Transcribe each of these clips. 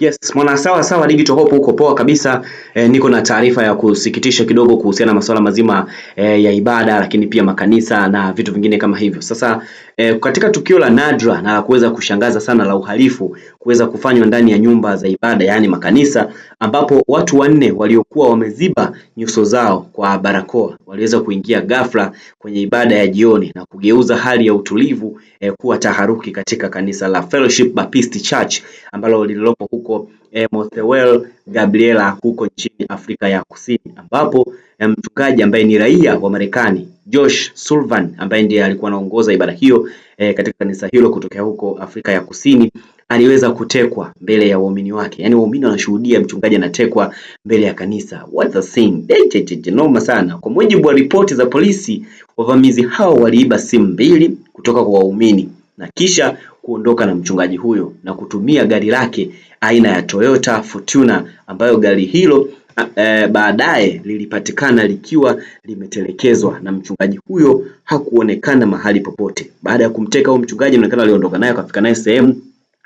Yes, mwana sawa sawa digital hope huko poa kabisa. E, niko na taarifa ya kusikitisha kidogo kuhusiana na masuala mazima e, ya ibada lakini pia makanisa na vitu vingine kama hivyo. Sasa e, katika tukio la nadra na kuweza kushangaza sana la uhalifu kuweza kufanywa ndani ya nyumba za ibada yaani makanisa, ambapo watu wanne waliokuwa wameziba nyuso zao kwa barakoa waliweza kuingia ghafla kwenye ibada ya jioni na kugeuza hali ya utulivu e, kuwa taharuki katika kanisa la Fellowship Baptist Church ambalo lililopo huko huko eh, Mothiewell Gabriela huko nchini Afrika ya Kusini, ambapo eh, mchungaji ambaye ni raia wa Marekani Josh Sullivan ambaye ndiye alikuwa anaongoza ibada hiyo eh, katika kanisa hilo kutokea huko Afrika ya Kusini aliweza kutekwa mbele ya waumini wake. Yaani waumini wanashuhudia mchungaji anatekwa mbele ya kanisa. What a scene. Eh, noma sana. Kwa mujibu wa ripoti za polisi, wavamizi hao waliiba simu mbili kutoka kwa waumini na kisha kuondoka na mchungaji huyo na kutumia gari lake aina ya Toyota Fortuner ambayo gari hilo e, baadaye lilipatikana likiwa limetelekezwa na mchungaji huyo hakuonekana mahali popote. Baada ya kumteka huyo mchungaji, inaonekana aliondoka naye akafika naye sehemu,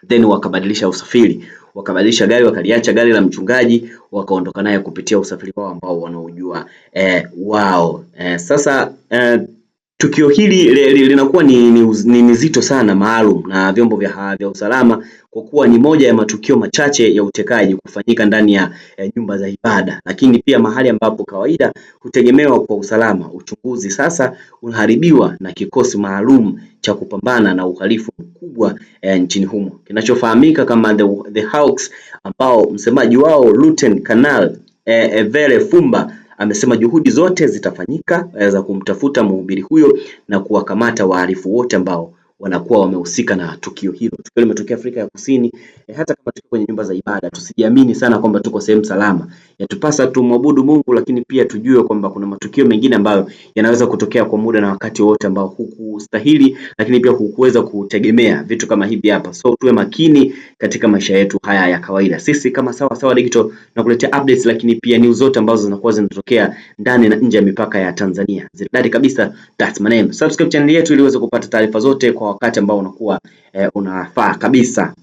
then wakabadilisha usafiri, wakabadilisha gari, wakaliacha gari la mchungaji, wakaondoka naye kupitia usafiri wao ambao wanaojua e, eh, wao e, sasa e, tukio hili linakuwa ni, ni, ni, ni zito sana maalum na vyombo vya, vya usalama kwa kuwa ni moja ya matukio machache ya utekaji kufanyika ndani ya ya nyumba za ibada, lakini pia mahali ambapo kawaida hutegemewa kwa usalama. Uchunguzi sasa unaharibiwa na kikosi maalum cha kupambana na uhalifu mkubwa eh, nchini humo kinachofahamika kama the, the Hawks, ambao msemaji wao Luten Kanali eh, Vere Fumba Amesema juhudi zote zitafanyika eh, za kumtafuta mhubiri huyo na kuwakamata wahalifu wote ambao wanakuwa wamehusika na tukio hilo. Tukio limetokea Afrika ya Kusini. E, hata kama tuko kwenye nyumba za ibada, tusijiamini sana kwamba tuko sehemu salama. Yatupasa tumwabudu Mungu, lakini pia tujue kwamba kuna matukio mengine ambayo yanaweza kutokea kwa muda na wakati wote ambao hukustahili, lakini pia hukuweza kutegemea vitu kama hivi hapa. So tuwe makini katika maisha yetu haya ya kawaida. Sisi kama Sawa Sawa Digital tunakuletea updates, lakini pia news zote ambazo zinakuwa zinatokea ndani na nje ya mipaka ya Tanzania. Zidadi kabisa, that's my name. Subscribe channel yetu ili uweze kupata taarifa zote kwa wakati ambao unakuwa eh, unafaa kabisa.